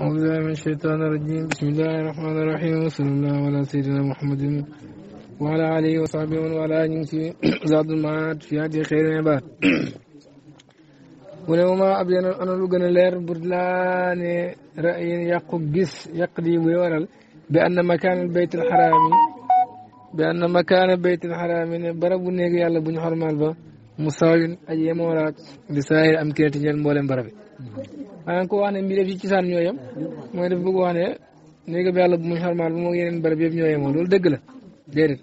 أعوذ من الشيطان الرجيم بسم الله الرحمن الرحيم وصلى الله على سيدنا محمد وعلى آله وصحبه وعلى آله زاد المعاد في هذه خير من بعد ولما أبدأ أنا لغن لير بردلان رأي يقو قس يقضي ويورل بأن مكان البيت الحرام بأن مكان البيت الحرام برب نيغي الله بن حرمال با مساوين أجي مورات لسائر أمكنة جنبولين بربي waaye ko wax ne mbi def yi ci saan ñoo yem mooy daf bëgg wax ne néegam yàlla bu muy xarmaal bu moo yeneen barab yëpp ñoo yemoo loolu dëgg la déedéet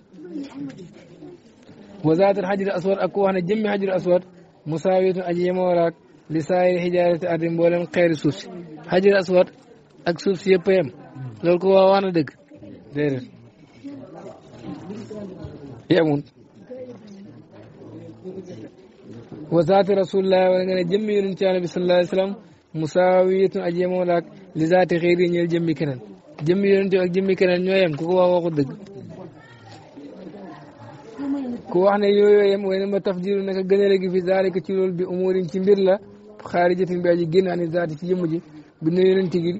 wasaatul xajri aswad ak ku wax ne jëmmi xajri aswad musaawitun aji yemoolaak li saayiri xijaarati ardi mboolem xeeri suuf si xajri aswad ak suuf si yëpp yem loolu ko wax wax na dëgg déedéet yemul wa zaati rasulillah wala nga ne jëmmi yonent yàlla bi sallallahu alayhi salaam sallam musaawiyatun aji yemoo laak li zaati xëy na ñeel jëmmi keneen jëmmi ak jëmmi keneen ñoo yem ko wax waxu dëgg. wax ne yooyu yem way ne ma tafdiru naka gënale gi fi ci loolu bi umurin ci mbir la xaarijatin bi aji génn ani zaati ci jëmm ji bu ne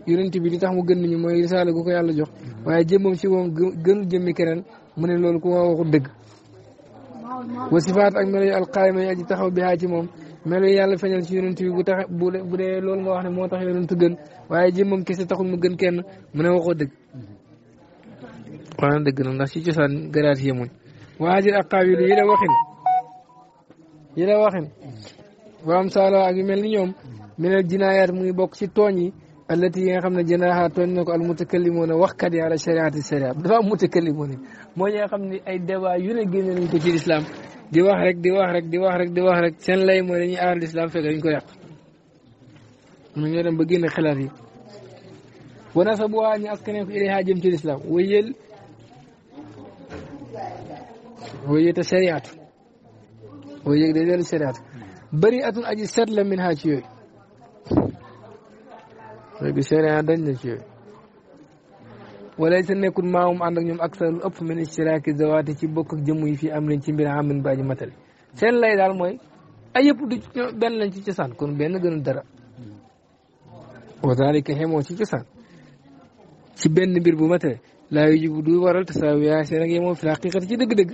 yonent gi bi li tax mu gën ñu mooy risaala gu ko yàlla jox waaye jëmmam si moom gënu jëmmi keneen mu ne loolu ku wax dëgg. wa sifaat ak melo yi alqaayima yi aji taxaw bi haa ci moom melo yi yàlla feñal ci yonent bi bu tax bu dee loolu nga wax ne moo tax yonent gën waaye jëmmam kese taxul mu gën kenn mu ne waxoo dëgg waxna dëgg na ndax ci cosaan garaat yemuñ waajir ak xaawilu yi la yi la waxin waam saalo ak yu mel ni ñoom minel jinaayaat muy bokk ci tooñ yi allati yi nga xam ne jënaaxaa tooñ na ko al mutakallimoona waxkat yi ala shariati sharia dafa am mutakallimoona mooy ñi nga xam ne ay débat yu ne génne nañ ko ci lislaam di wax rek di wax rek di wax rek di wax rek seen lay mooy dañuy aar lislaam fekk dañ ko yàq mu ñoo dem ba génne xalaat yi wana sa buwaa ñu askanee ko ilayha jëm ci lislaam wayel wayeta shariatu wayëg day dellu shariatu bëri atun aji seet la min haa ci yooyu léegi sharia dañ na ci yooyu wala maamum ànd ak ñoom ak sa min istiraaki zawaati ci bokk ak jëmm yi fii am nañ ci mbir amin baaji matali seen lay daal mooy ay yëpp du benn lañ ci cosaan kon benn dara wa dalika xemoo ci cosaan ci benn mbir bu matale laa yu jibu du waral tasaawiya seen ak yemoo fi xaqiqati ci dëgg-dëgg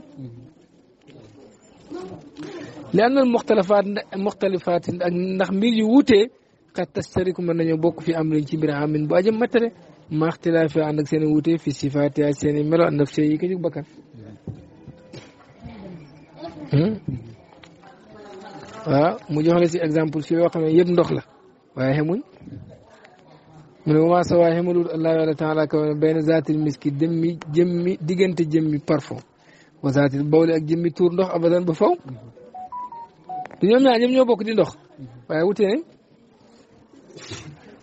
li na muxtalifaat ndax mbir yu كاتستريك من نيو بوك في امر جي بير امين بو اجي ماتري ما اختلاف عندك سين ووتي في صفات يا سين ميلو عندك سي يكي بكر وا مو جوخني سي اكزامبل سي وخا ييب ندوخ لا واي هموي من هو سوا همل الله تعالى تعالى كون بين ذات المسك دمي جمي ديغنت جمي بارفو وذات البول اك جمي تور ندوخ ابدا بفو ñoom ñaar ñoom ñoo bokk di ndox waaye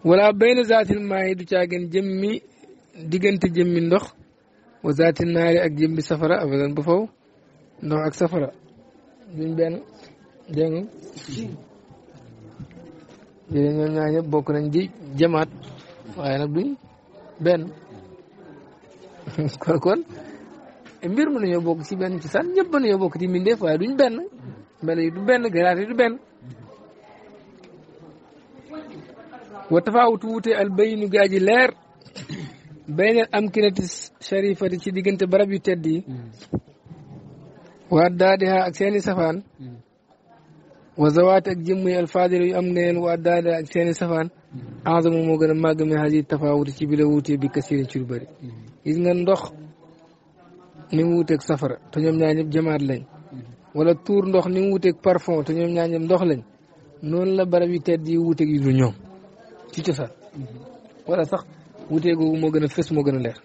wala bayna zaatil maay du caagan jëmmi diggante jëmmi ndox wa zaatil naari ak jëmmi safara abadan ba faw ndox ak safara duñ benn bokk nañ di jamaat waaye nag duñ benn kon kon mbir mënuñoo bokk ci benn ci san ñëpp mënuñoo bokk ci mbindeef waaye duñ benn melo yi du benn garaat yi du benn وتفاوت ووتي البين غادي لير بين الأمكنة الشريفة دي تي ديغنت برابي تدي وعدادها أكسيني سفان وزوات الجمي الفاضل يأمنين وعدادها أكسيني سفان أعظم موغن ماغمي هذه التفاوت تي بلووتي بكسير تشربري إذن ندخ نموتك سفر تنم نعنب جمار لين ولا تور ندخ نموتك بارفون تنم نعنب ندخ لين نون لا برابي تدي ووتك يدو نيوم ci cosaan wala sax wutee googu moo gën a fës gën a leer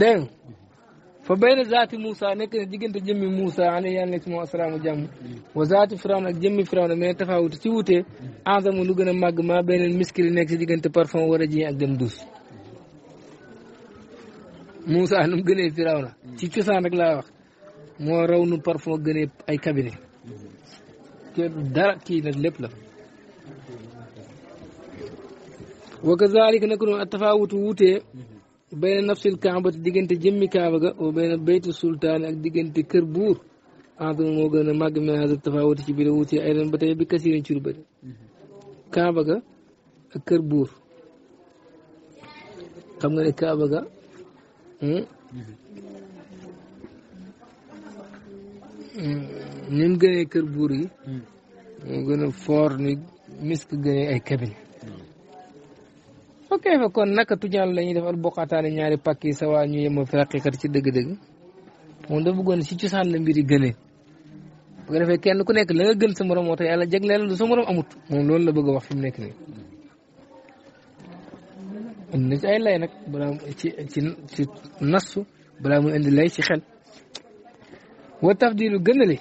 dégg nga fa bayna zaati Moussa nekk na diggante jëmmi Moussa alayhi yàlla nekk si moom asalaamu wa zaati Firawna ak jëmmi Firawna mais tafaawut ci wutee enzamu lu gën a màgg maa beneen miskili nekk si diggante parfum war a ji ak dem duus Moussa nu mu gënee Firawna ci cosaan rek laa wax moo raw nu parfum gënee ay cabinet kii dara kii nag lépp la wa kazalika nag noonu atafawutu wutee bayna nafsil kaabati diggante jëmmi kaaba ga wa bayna bayti sultaani ak diggante kër buur entrainement moo gën a màgg mais dafa tafawuti ci biir wutee ay ren ba tey bi kasirin ci lu bëri kaaba ga kër buur xam nga ne kaaba ga hmm? mhm. nim gënee kër buur yi moo gën a foor ni misk gënee ay kabine ok fa kon naka tujaan la ñuy defal al ñaari pàkk yi sa waa ñu yemoo fi xaqiqat ci dëgg-dëgg moom dafa bëggoon si cosaan la mbir yi gënee bu ko defee kenn ku nekk la nga gën sa morom moo tax yàlla jagleel lu sa morom amut moom loolu la bëgg a wax fi mu nekk nii am na ci ay lay nag balaa ci ci ci nasu balaa muy indi lay ci xel wa tafdilu gënali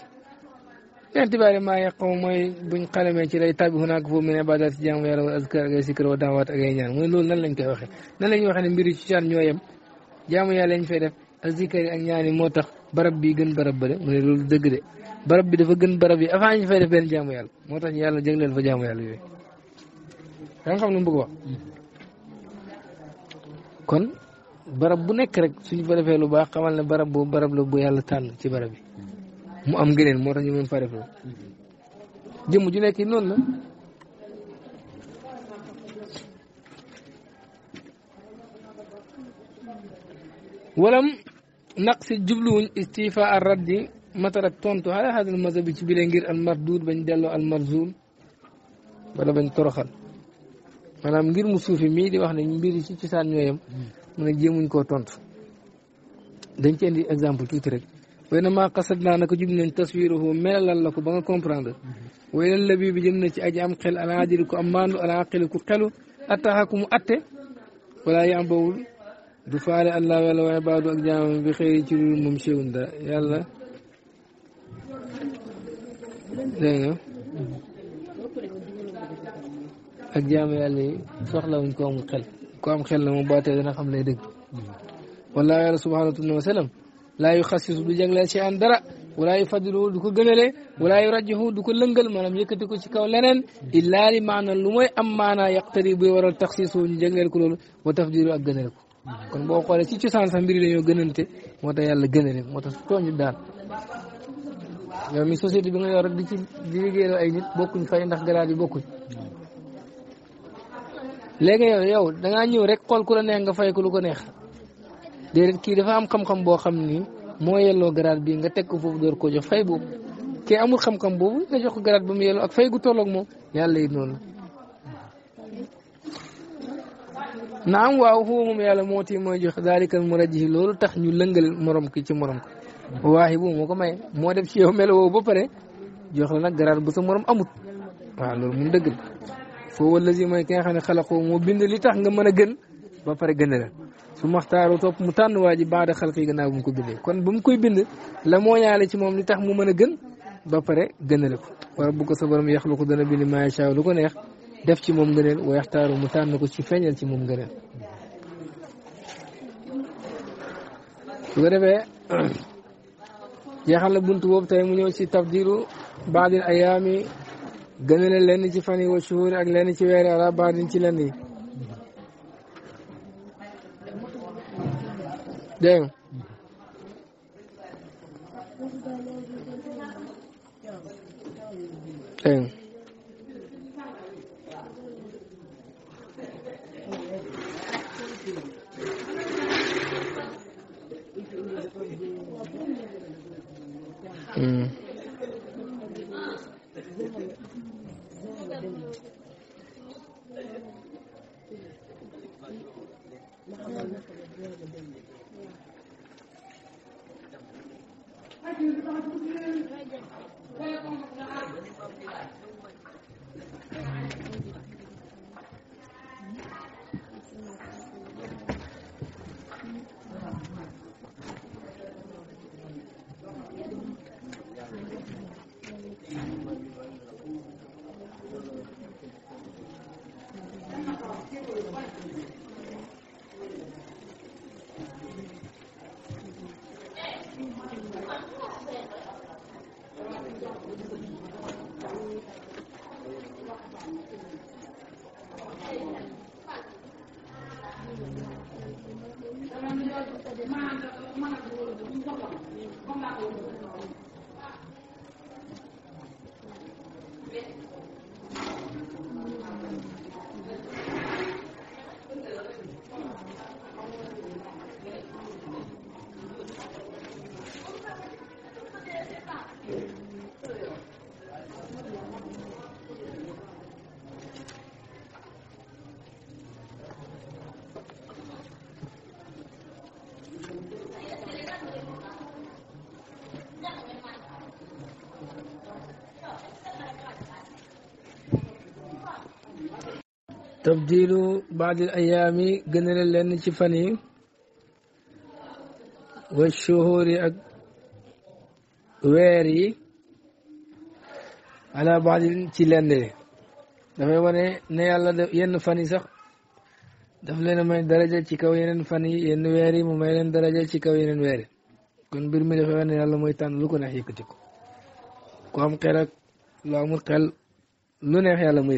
bi itibaari maa yaqaw mooy buñ xalamee ci lay tabi hunaaka foofu min ibaadaat ci jaamu yàlla wala azkaar ak ay sikkar wa daawaat ak ay ñaan mooy loolu nan lañ koy waxee nan lañ waxee ne mbir yi ci caan ñoo yem jaamu yàlla lañ fay def ak zikkar yi ak ñaan yi moo tax barab bi gën barab ba de mu ne loolu dëgg de barab bi dafa gën barab yi avant ñu fay def benn jaamu yàlla moo tax yàlla jagleel fa jaamu yàlla yooyu da nga xam lu mu bëgg wax kon barab bu nekk rek suñ fa defee lu baax xamal ne barab boobu barab la bu yàlla tànn ci barab yi mu am ngëneel moo tax ñu mën fa def loolu jëmm ju nekk noon noonu la walam naqsi jubluwuñ istifa ar raddi matarak tontu ala hadal mazhabi ci bile ngir al mardud bañ delloo al marzul wala añ toroxal maanaam ngir mu suufi mii di wax ne mbiri ci cosaan ñooyam mu ne jéemuñ koo tontu dañ ci indi exemple tuuti rek way ma maa xasat naa nako jub nañ taswiruhu melalal la ko ba nga comprendre way labi bi jëm na ci aji am xel alaajiri ku am maandu alaaqili ku xelu attaxa ku mu atte wala ya am bawul du faale allah wala wa ibaadu ak jaamam bi xëy ci lu mum séwun da yàlla dégg ak jaamu yàlla soxla wuñ ko mu xel ku am xel la mu baatee dana xam lay dëgg wallaahi yàlla subhaanahu wa sallam laa yu xasisu du jagleel ci an dara walaa yu fadilu du ko gënale walaa yu rajihu du ko lëngal maanaam yëkkati ko ci kaw leneen illaa li maana lu mooy am maanaa yaqtari buy waral taxsiisu ñu jagleel ko loolu wa tafdilu ak gënale ko kon boo xoolee ci cosaan sax mbiri dañoo gënante moo tax yàlla gënale moo tax tooñu daal yow mi société bi nga yor di ci di liggéeyal ay nit bokkuñ fa ndax garaat yi bokkuñ léegi yow yow dangaa ñëw rek xool ku la neex nga fay ko ko neex déedéet kii dafa am xam-xam boo xam ni moo yelloo grade bii nga teg foofu door ko jox fay boobu kii amul xam-xam boobu nga jox ko grade ba mu yelloo ak fay gu tolloog moom yàlla it noonu naam waaw xuwa moom yàlla moo ti mooy jox daalikal mu rajji loolu tax ñu lëngal morom ki ci morom ko waaye boobu moo ko may moo def ci yow melo woowu pare jox la nag grade bu sa morom amut waaw فهو الذي ما كان خلقه خلقوا مو بند لي تخ نغم نغن با بار غنال سو مختارو توب مو تان واجي بعد خلقي غناو مكو بيدي كون بوم كوي بند لا مو نيالي سي موم لي تخ مو مانا غن با وربك صبرم يخلق دنا بلي ما يشاء لو كو نيه def ci mom ngeneel wa yaxtaru mu tan ko ci feñal ci mom ngeneel bu rebe jeexal buntu bobu tay gën a lenn ci fan yi wa ak lenn ci weeri ala baadin ci lenn yi dégg nga tabdilu baadil ayaami gënale lenn ci fan yi wa shuhur yi ak weer yi ala baadil ci lenn dafay wane ne yàlla yenn fan yi sax daf leen a may daraja ci kaw yeneen fan yi yenn weer yi mu may leen daraja ci kaw yeneen weer yi kon mbir mi dafay wane yàlla mooy tànn lu ko neex ku am xel lu amul xel lu neex yàlla mu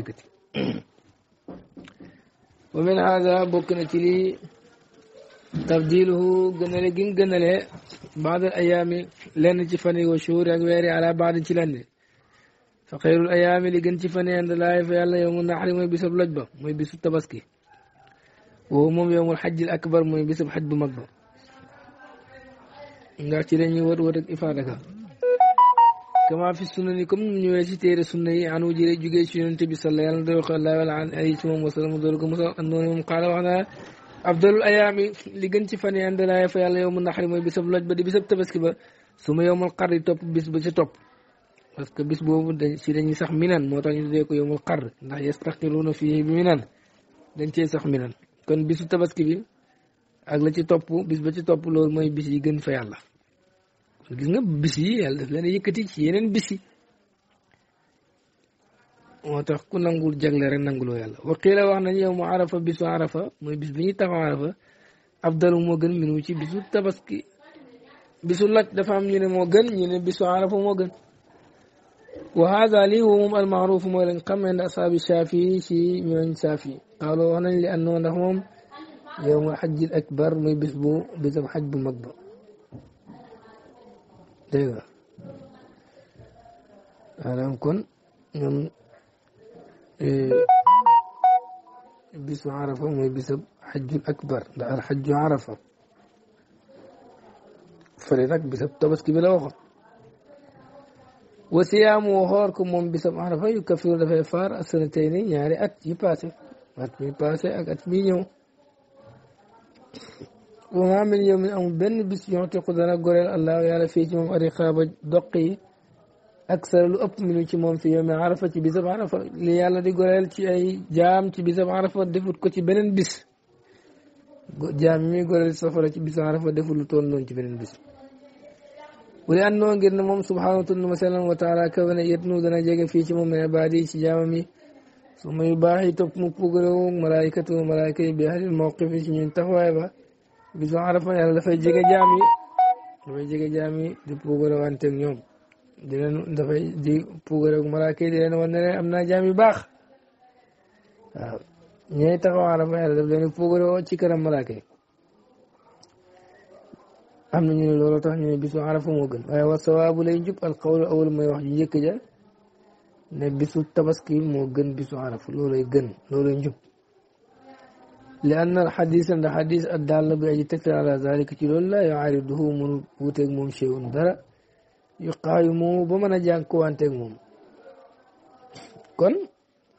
ومن هذا بوكنتي لي تبديله جنلي جن جنلي بعض الأيام لن تفني وشهور أكبر على بعض تلني فخير الأيام اللي جن تفني عند الله في الله يوم النحر ما يبيسوا بلجبة ما يبيسوا تبسكي وهم يوم الحج الأكبر ما يبيسوا بحج بمكبة نقاش لن يور ورد إفادك kama fi sunna ni comme ñëwee si téere sunna yi anu jëlee ci yonente bi salla yàlla doo ko allah wala alayhi si moom wasallam doolu ko mosa andoona moom xaala wax na afdalul ayaami li gën ci fan yi fa yàlla yow mu mooy bisab loj ba di bisab tabaski ba su ma yowmal xar di topp bis ba ca topp parce que bis boobu dañ si dañuy sax minan moo tax ñu tuddee ko yowmal xar ndax yastaqiluuna fii bi minan dañ cee sax minan kon bisu tabaski bi ak la ci topp bis ba ci topp loolu mooy bis yi gën fa yàlla gis nga bis yi yàlla daf leen yëkkati ci yeneen bis yi moo tax ku nangul jagle rek nanguloo yàlla waqiila wax nañ yow mu arafa bisu arafa mooy bis bi ñuy taxaw arafa afdalu moo gën minu ci bisu tabaski bisu laj dafa am ñu ne moo gën ñu ne bisu arafa moo gën wa hada lii wa moom almaaruf mooy lañ xam ne asaabi shaafi ci ñooñ shaafi xaaloo wax nañ li annoo ndax moom yow ma xajjil akbar muy bis bu bisam xaj bu mag ba değil mi? Alam kun yum e bisu arafa ve bisab haccul ekber da ar haccu arafa فريدك بسبب تبس كبيرة وقت وسيام وهاركم من بسبب عرفة يكفي ولا فيفار السنتين يعني أت يباسي أت يباسي أت يباسي وما من يوم أم بن بس يعطي قدرة قرى الله يعلى في جمع أريخاب دقي أكثر لأب من جمع في يوم عرفة بزب عرفة ليالا دي قرى أي جام بزب عرفة دفت كتي بنن بس جامي قرى السفرة بزب عرفة دفت لطول نون بنن بس ولأنه غير نمام سبحانه وتعالى مثلا وتعالى كبنا يبنو دنا جاگا في جمع من عبادي جامي ثم يباحي تقنقو قرى ملائكته ملائكة بأهل الموقف جمع تفايبا bisu arafa yàlla dafay jege jaam yi dafay jege jaam yi di puugare wanteeg ñoom di di puugare ak malaaka yi di am na jaam yu baax waaw ñooy taxaw arafa yàlla daf leen puugare woo ci kanam malaaka yi am na ñu ne tax ñu ne bisu arafa moo gën waaye wa sawaabu lay jub al qawlu awal mooy wax ji njëkk ja ne bisu tabaski moo gën bisu arafa loolay gën loolay njub li anna al xadis ndax xadis ak daal la bi aji tegtal ala zalika ci loolu laa yuariduhu mënu wuuteeg moom cheyun dara yu xaayu moomu ba mën a jànkuwanteeg moom kon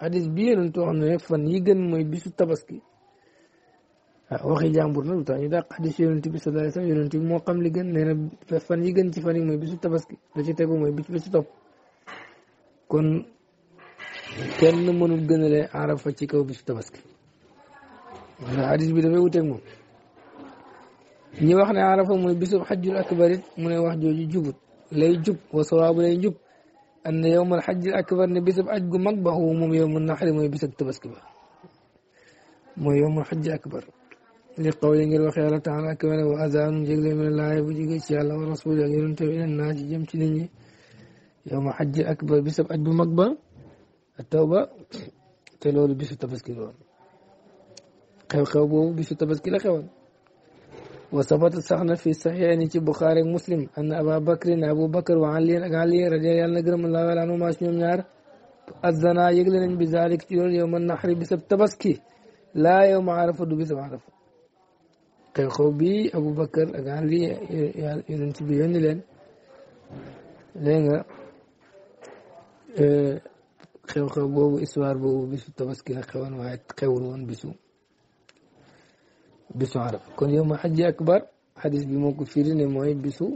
xadis bi yéen too xam ne fan yi gën mooy bisu tabaski waaw waxi jàmbur na lu tax ñu dàq xadis yonent bi sallallahu alayhi wasallam yonent moo xam li gën nee fan yi gën ci fan mooy bisu tabaski la ci tegu mooy bis bi ci topp kon kenn mënul gënale arafa ci kaw bisu tabaski من حديث بي دافي ووتك موم ني واخنا عرفه موي بيسو حج الاكبر من واخ جوجي جوبوت لاي جوب وصواب لاي جوب ان يوم الحج الاكبر ني بيسو حج مك با هو موم يوم النحر موي بيسو تبسك با موي يوم الحج الاكبر لي قوي غير واخ يالا تعالى كمان واذان جيغل من الله بو جيغي سي الله ورسول الله يرن تبي الناس جيم سي نيني يوم الحج الاكبر بيسو حج مك با التوبه تلول بيسو تبسك با خلقوا بو بشو تبذكي لخوان وصفات الصحنة في صحيح نيتي بخاري مسلم أن أبا بكر أبو بكر وعلي أغالي رضي الله نقرم الله وعلى عنه ما شنو منار الزنا يقلن بذلك تيول يوم النحر بسب تبسكي لا يوم عرف دو بسب عرف كان خوبي أبو بكر أغالي ينتبه يوني لين لين آه، خيو خيو بو إسوار بو بسو تبسكي لخوان وعيد قولون بسو بسو عرف كون يوم حج أكبر حديث بموقف فيرين موي بسو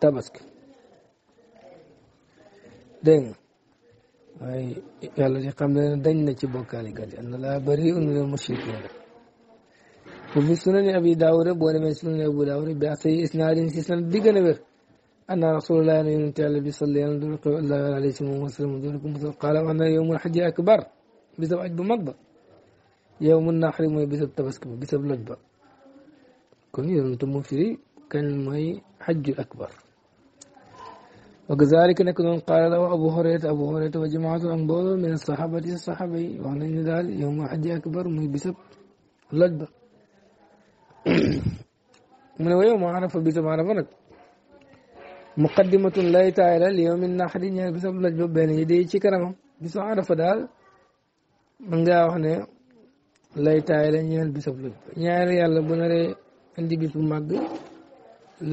تبسك دين أي يلا دي قام لنا دين نتي بوكالي قال أن لا بريء من المشركين وفي سنن أبي داوري بوانا من سنن أبو داوري بأخي إسنارين سيسنن ديگن بير أن رسول الله أن ينتهي الله بيصلي أن الله عليه وسلم ومسلم قال أن يوم الحج أكبر بسبب أجب يوم النحر موي بيسب تبسكم بيسب لجبا يوم يونتو موفيري كان موي حج الاكبر وكذلك نكون قال له ابو هريره ابو هريره وجماعه الانبار من الصحابه دي الصحابي وانا ندال يوم حج اكبر موي بيسب لجبا من يوم عرف بيسب عرفنك مقدمة لا تعالى اليوم النحر بسبب لجبة بين يديه شكرا بسعر فدال من جاء وحنا lay taay la ñeel bisab lëj ñaari yàlla bu naree indi bis bu màgg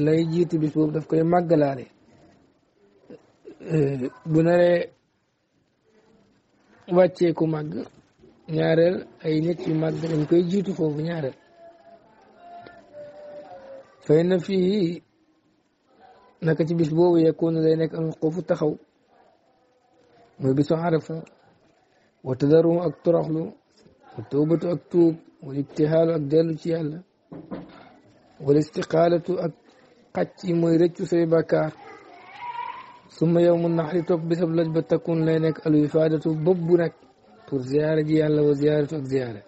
lay jiitu bis boobu daf koy màggalaale euh, bu naree wàcceeku ku màgg ñaareel ay nit yu màgg dañ koy jiitu foofu ñaareel fay na fii naka ci bis boobu yekkoon lay nekk am xuufu taxaw mooy bisu arafa wa tadaru ak toroxlu التوبة أكتوب والابتهال أكدال تيالا والاستقالة أك قتي ميرتش سي بكار ثم يوم النحر توك بسب لجبة تكون لينك الوفادة ببنك تور زيارة جيالا وزيارة أكزيارة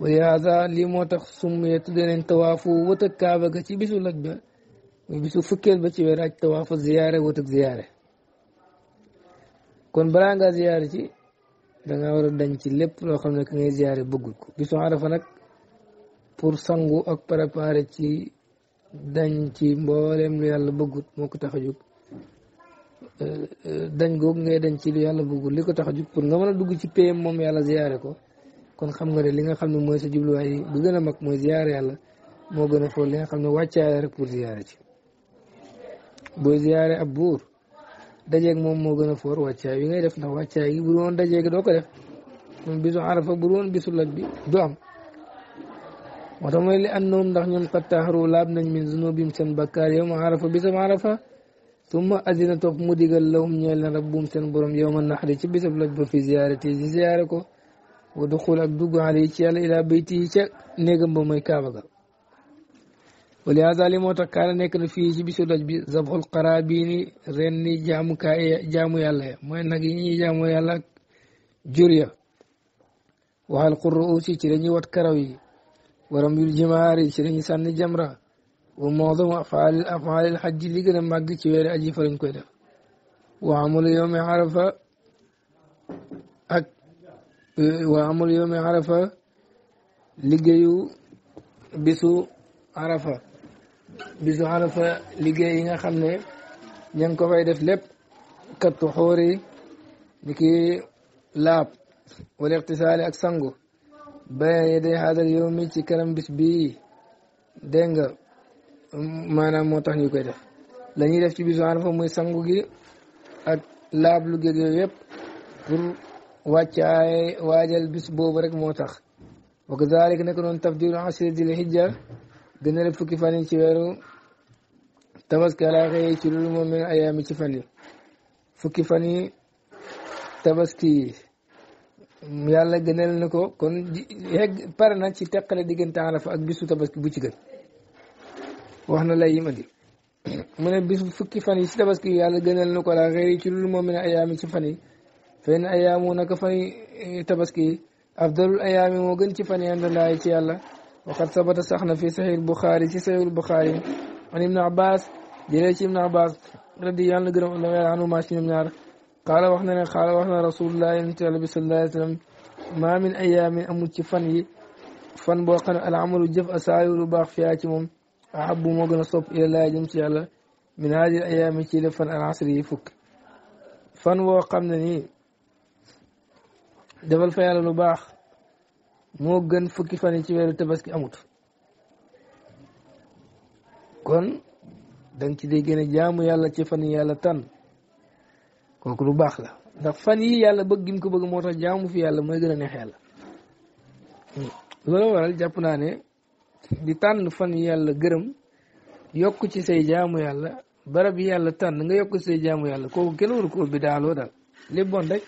ولهذا لما تخصم يتدن توافو وتكابة كتي بسو لجبة وبسو فكر بچي وراج توافو زيارة وتك زيارة كون برانغا زيارة جيالا danga war a dañ ci lépp loo xam ne ka ngay ziyaare bëggul ko bisu arafa nag pour sangu ak préparer ci dañ ci mbooleem lu yàlla bëggut moo ko tax a jóg euh, euh, dañ googu ngay dañ ci lu yàlla bëggul li ko tax a jug pour nga mën a dugg ci payam moom yàlla ziyaare ko kon xam nga ne li nga xam ne mooy sa jubluwaay bu gën a mag mooy ziyaare yàlla moo gën a fool li nga xam ne wàccaay rek pour ziyaare ci booy ziyaare ab buur dajeeg moom moo gën a foor wàccaay yi ngay def ndax wàccaay yi bu dul dajeeg doo ko def moom bisu arafa bu bisu laj bi du am moo tax mooy li annoom ndax ñoom qad taharu laab nañ min zunubim seen bakkaar yow ma arafa bisam arafa summa azina topp mu digal lahum ñeel na rabbuum seen borom yow ma naxari ci bisab laj ba fi ziyaarati ci ko wa duxul ak dugg xale yi ci yàlla ilaa bayti yi ca néegam ba mooy kaaba ولهذا لم تكال نيك في جي بيسو لاج بي زبح القرابين رني جامو كاي جامو يالا موي ناغي ني جامو يالا جوريا وهل قرؤو سي تي رني وات كراوي ورم الجمار سي رني سان جمرا وموضوع افعال افعال الحج لي غنا ماغ سي وير اجي فرن كوي داف وعمل يوم عرفه اك وعمل يوم عرفه ليغيو بيسو عرفه bisu xarafa liggéey yi nga xam ne ña ngi ko fay def lépp kattu xóori ni ki laab wala ixtisaali ak sango bayaan yi day xaadal yow mi ci kanam bis bii dégg nga maanaam moo tax ñu koy def la ci bisu xarafa muy sangu gi ak laab lu géeg yooyu yëpp pour waajal bis boobu rek moo tax wa kazalik nekk noonu tafdilu di dil hijja gën fukki fan ci weeru tabaski laa ci loolu moom ayaami ci fan fukki fan yi tabaski yi yàlla gënal na ko kon yegg na ci teqale diggante ak bisu tabaski bu ci gën wax na lay yim mu ne bis fukki fan yi ci tabaski yàlla gënal na ko laa ci loolu moom min ayaami ci fan yi fenn ayaamu naka fan yi eh, tabaski afdalul ayaami moo gën ci fan yi àndalaay ci yàlla وقد ثبت سخن في صحيح البخاري في صحيح البخاري عن ابن عباس جريش ابن عباس رضي الله عنه ما شنو منار قال وحنا قال وحنا رسول الله صلى الله عليه وسلم ما من ايام اموت فني فن بوقن العمل جف اساي رباخ في اتمم احب موغن صوب الى الله جمس يالا من هذه الايام كي لفن العصر يفك فن بوقن ني دبل فيال رباخ moo gën fukki fan yi ci weeru tabaski amut kon dang ci day gën a jaamu yàlla ci fan yi yàlla tànn kooku lu baax la ndax fan yi yàlla bëgg gim ko bëgg moo tax jaamu fi yàlla mooy gën a neex yàlla hmm. loolu waral jàpp naa ne di tànn fan yi yàlla gërëm yokk ci say jaamu yàlla barab yi yàlla tànn nga yokk ci say jaamu yàlla kooku kenn waru ko bi daaloo daal li bon rek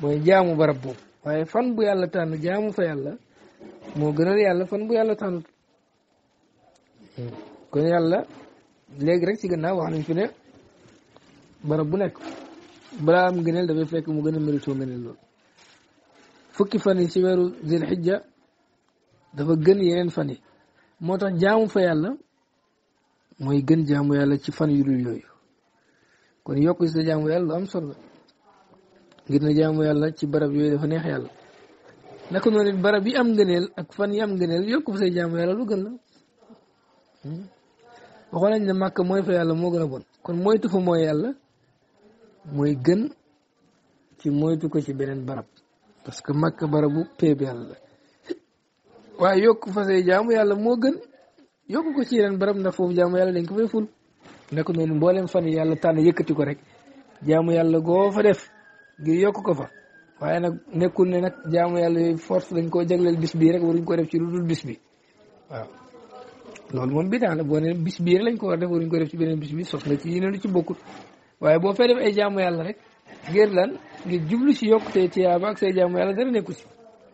mooy jaamu barab boobu waaye fan bu yàlla tànn jaamu fa yàlla moo gënal yàlla fan bu yàlla tànnut kon yàlla léegi rek ci gannaaw wax nañ fi ne barab bu nekk balaa am gëneel dafay fekk mu gën a mérito ngëneel loolu fukki fan yi ci weeru zil xijja dafa gën yeneen fan yi moo tax jaamu fa yàlla mooy gën jaamu yàlla ci fan yu dul yooyu kon yokk si sa jaamu yàlla lu am solo ngir na jaamu yàlla ci barab yooyu dafa neex yàlla naka noonu it barab yi am ngëneel ak fan yi am ngëneel yokku fa say hmm? ne màkk mooy fa kon mooy yàlla mooy gën ci moytu ko ci beneen barab parce que màkk barabu péeb yàlla la yokk fa say jaamu yàlla moo gën yokk ko ci yeneen barab ndax foofu jaamu yàlla dañ ko fay ful naka noonu mboolem fan yàlla tànn yëkkati ko rek jaamu yàlla goo fa def ngir yokk ko fa waaye nag nekkul ne nag jaamu yàlla yooyu force lañ koo jagleel bis bii rek waruñ ko def ci lu dul bis bi waaw loolu moom bidaa la boo ne bis bii rek lañ ko war def waruñ ko def ci beneen bis bi sos na ci yeneen lu ci bokkul waaye boo fay def ay jaamu yàlla rek ngir lan ngir jublu ci yokkutee ci ba ak say jaamu yàlla dara nekku ci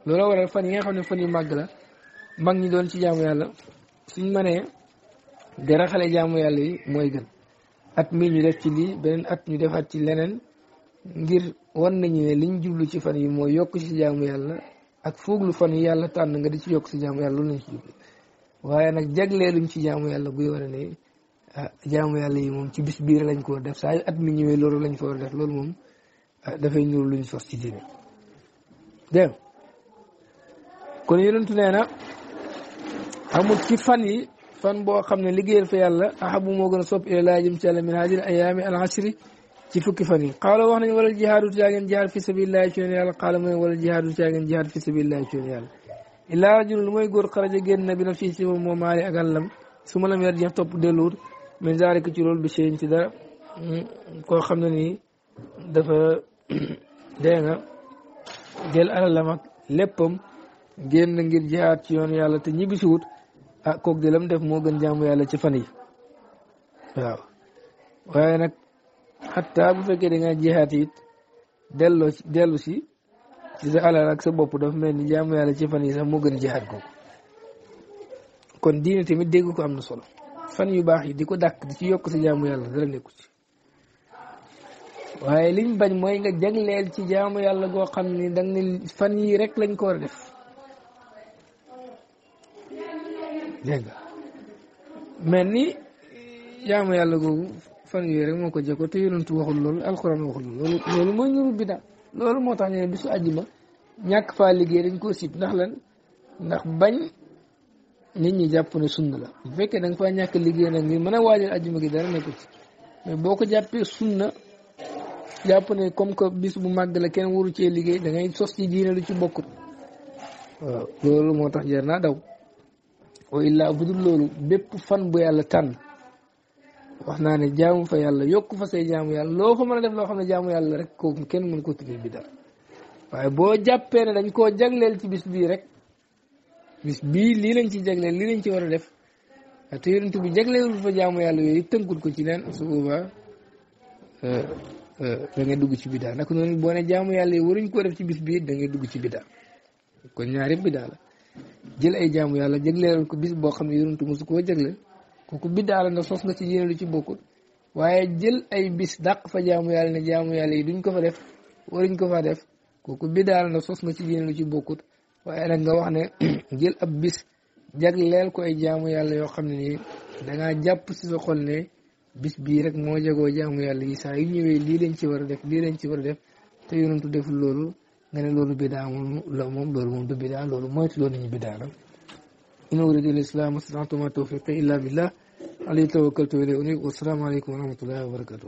loolu waral fan yi nga xam ne fan yu màgg la mag ñi doon ci jaamu yàlla suñ mënee dara xale jaamu yàlla yi mooy gën at ñu def ci lii beneen at ci leneen ngir wan nañu ne liñ jublu ci fan yi mooy yokk ci jaamu yàlla ak fooglu fan yi yàlla tànn nga di ci yokk ci jaamu yàlla loolu lañ ci jublu waaye nag jagleeluñ ci jaamu yàlla buy wane ne ah, yi moom ci bis biir lañ koo def saa yu at mi ñëwee loolu lañ fa war a def loolu moom ah, dafay ñuul luñ sos ci diine dégg kon yonentu nee na amul ci fan yi fan boo xam ne liggéeyal fa yàlla ahabu moo gën a sopp ila laa jëm ci yàlla min ayaami al ci fukki fan yi xaala wax nañu walal jihaadu caageen jihaad fi sabilillahi ci yoon yàlla xaala mu ne walal jihaadu caageen jihaad fi sabilillahi ci yoon yàlla illaa rajulun lu mooy góor xaraja génn na bi naf si si moom moo maali ak àllam su ma lam yar jëf topp delluwut min zaalika ci loolu bi seen ci dara koo xam ne nii dafa dee nga jël alalam ak léppam ngir jihaad ci yoon yàlla te ñibbisiwut ah kooku de lam def moo gën jaamu yàlla ci fan yi xataa bu fekkee da ngaa jihaat it delloo ci dellu si ci sa alal ak sa bopp dafa mel ni jaamu yàlla ci fan yi sax moo gën jihaat ko kon diine tamit dégg ko am na solo fan yu baax yi di ko dàkk di ci yokk sa jaamu yàlla dara nekku ci waaye liñ bañ mooy nga jagleel ci jaamu yàlla goo xam ni da fan yii rek lañ ko a def jaamu yàlla googu fan yooyu rek moko jeko te yonent waxul lol alquran waxul lol lol moy ñuru bida lol mo tax ñu bisu àjjuma ñak fa liggéey dañ ko sip ndax lan ndax bañ nit ñi japp ne sunna la bu fekke da nga faa ñàkk liggéey nag ngir mën a waajal gi dara nekk ci mais boko jappé sunna japp ne comme ko bisu bu mag la kene wuru ci liggéey da ngay sos ci diina lu ci bokku lol mo tax jar naa daw wa illa budul loolu bepp fan bu yalla tan wax naa ne jaamu fa yàlla yokk fa say jaamu yàlla loo fa mën a def loo xam ne jaamu yàlla rek kooku kenn mën ko tuddee biddaa waaye boo jàppee ne dañ koo jagleel ci bis bii rek bis bii lii lañ ci jagleel lii lañ ci war a def te yonent bi jagleelul fa jaamu yàlla yooyu tënkul ko ci neen su boobaa euh, euh, da ngay dugg ci biddaa naka noonu boo ne jaamu yàlla yi waruñ koo def ci bis bii da ngay dugg ci biddaa kon ñaari biddaa la jël ay jaamu yàlla jagleelul ko bis boo xam ne yonent mosu koo jagleel kooku biddaa la ndax sos nga ci diine lu ci bokkut waaye jël ay bis dàq fa jaamu yàlla ne jaamu yàlla yi duñ ko fa def waruñ ko fa def kooku biddaa la ndax sos nga ci diine lu ci bokkut waaye rek nga wax ne jël ab bis jagleel ko ay jaamu yàlla yoo xam ne nii dangaa jàpp si sa xol ne bis bii rek moo jagoo jaamu yàlla yi saa yu ñëwee lii lañ ci war a def lii lañ ci war a def te yonentu deful loolu nga ne loolu biddaa moom moom loolu moom du biddaa loolu moytu loolu ñu biddaa la إن أريد الإسلام واستطعت وما توفيقي إلا بالله عليه توكلت وإليه أنيب والسلام عليكم ورحمة الله وبركاته